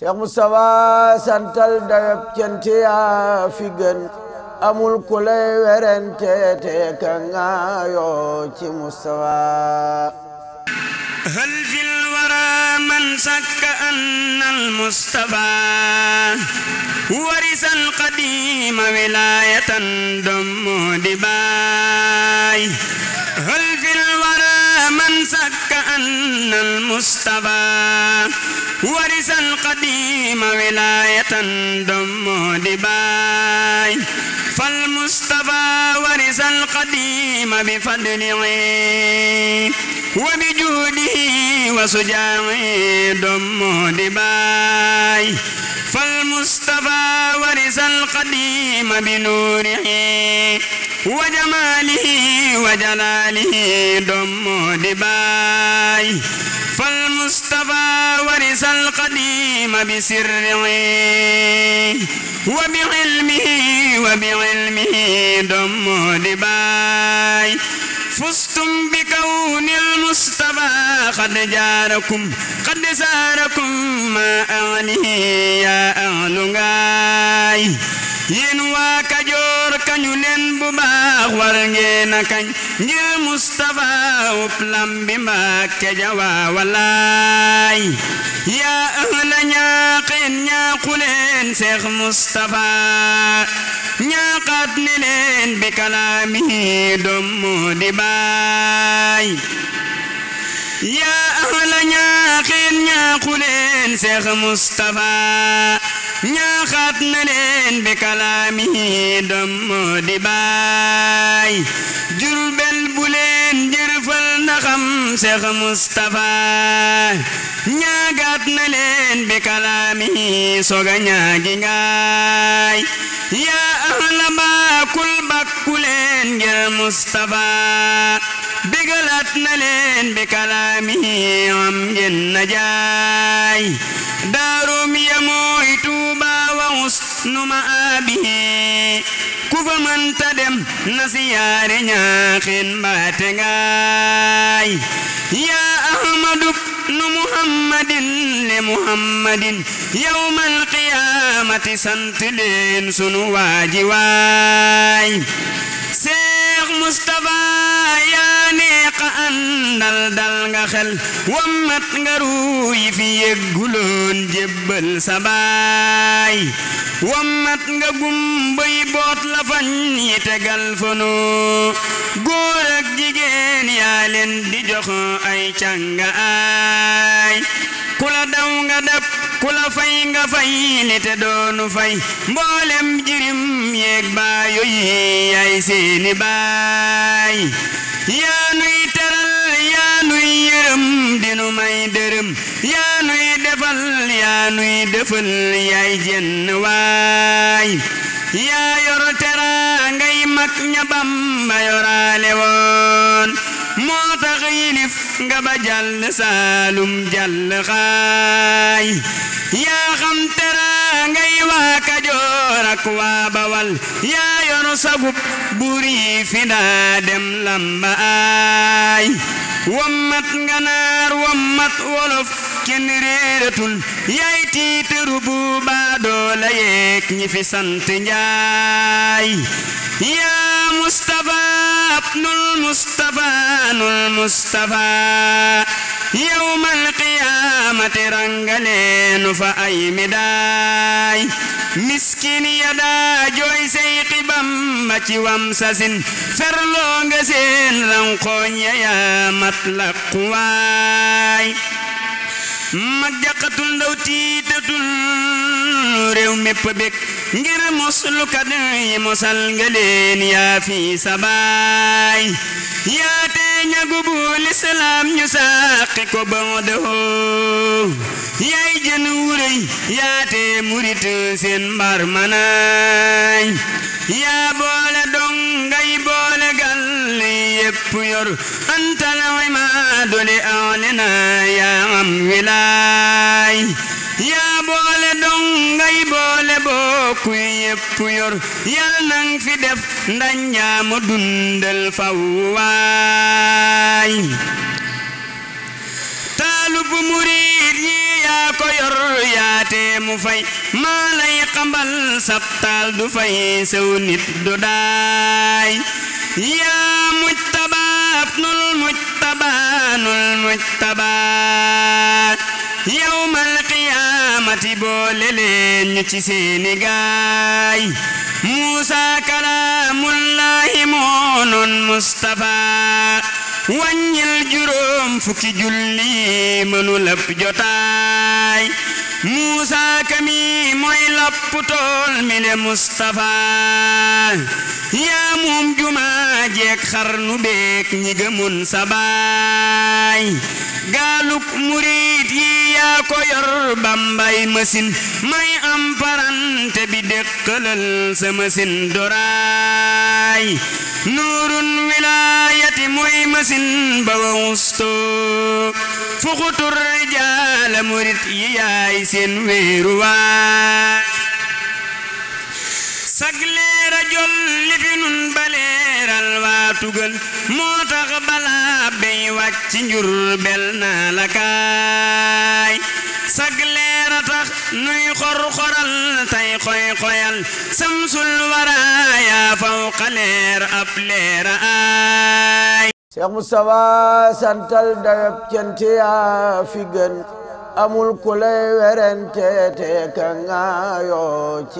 Seex Mustafa santal dayob cante yaa fi gën amul ku lay werante te ka ngaayoo ci Mustafa hal fil wara man sakka anna al Mustafa warisan qadima wilayatan dommu di baay من سك أن المصطفى ورث القديم ولاية دم دباي فالمصطفى ورث القديم بفضله وبجوده وسجاعه دم دباي فالمصطفى ورث القديم بنوره wa jamaalihi wa jalaalihi dommo di baay fal mustafa warisal qadiima bi sirrihi wa bi ilmihi wa bi ilmihi dommo di baay فزتم بكون المصطفى قد جاركم قد زاركم ما أعليه يا أعلى غاي ينواك جو ku baax war ngeen a kañ ngir Mustafa ub lambi Mbàkke ja waa wallaay yaa ahla ñaaqeen ñaaquleen Seex Mustafa ñaaqat ni leen bi kalaamihi doom moo di baay yaa ahla ñaaqeen ñaaquleen Seex Mustafa ñaaxaat na leen bi kalaamihi doom moo di baay Jurbel bu leen jërëfal ndaxam Seex Mustafa ñaagaat na leen bi kalaamihi soga ñaagi ngaay yaa ahla baa kul bakku leen ngir Mustafa bigalaat na leen bi kalaamihi am ngeen na daarum yam nu ma aabi ku fa mënta dem na siyaare ñaaxin mbaate ngaay yaa ahmadu nu muhammadin li muhammadin yawmal qiyaamati sant leen sunu waaji waay seex mustafa yaa neexa àndal dal nga wammat nga fi yegguloon jébbal sa baay wammat nga gumba yi boot la fañ yi tegal jigéen yaa leen di jox ay canga ay ku daw nga dab ku fay nga fay li doonu fay mboolem jirim yeeg baayu yi yaay seeni baay yaa nuy teral yaa nuy yërëm dinu may dërëm yaa nuy defal yaay jenn waay yaa yor tera ngay mag ña Bamba yoraale moo tax yilif nga ba jàll saalum jàll xaay yaa ak waa bawal yaa yoru sagub buur fi daa dem lamba ay wammat nganaar wammat wolof kenn réeratul yaay tiitaru bu baadoole yeeg ñi fi sant njaay yaa mustafa abnul mustafa nul mustafa yawmal qiyaamati rangaleenu fa ay midaay miskin ya daa jooy sey xibam ma ci wam sasin ferloo nga seen rankooñ ya yaa matlaq waay mag jàqatul ndaw tiitatul réew mépp bég ngir moslukat yi mosal nga leen yaa fi sabaay yaa tee ñagu bu ko bandehoo yaay jën wuréy yaa tee murit seen mbar yaa boole doom ñépp yaa boole dongay boole bokku yépp yor yal nang fi def ndañ jaamu dundal faw waay taalub muriid yaa ko fay maa lay xambal sabtaal sew nit du نحن المجتبان المجتبان يوم القيامة بوللين تسين قاي موسى كلام الله مون مصطفى wàññil juróom fukki julli mënu lépp jotaay Muusa kami mooy lapp tool mi le Mustafa yaa moom jumaa jeeg xarnu beek ñi gëmun sa baay gaaluk murit yi yaa ko yor bambay masin may am parante bi dëkkalal sa masin doraay nuurun wilaayati muy masin ba wa wustoo fuqutur rijaala murit yi yaay seen wéeruwaay sagleer a jol li fi nun baleeral waa tugal moo tax balaa bey wàcc njur bel naa la kaay sag leer a tax nuy xor-xoral tey xoy-xoyal samsul fawqa leer ab leer ay Cheikh santal dayab cant yaa fi amul ku lay werante te ka nga yoo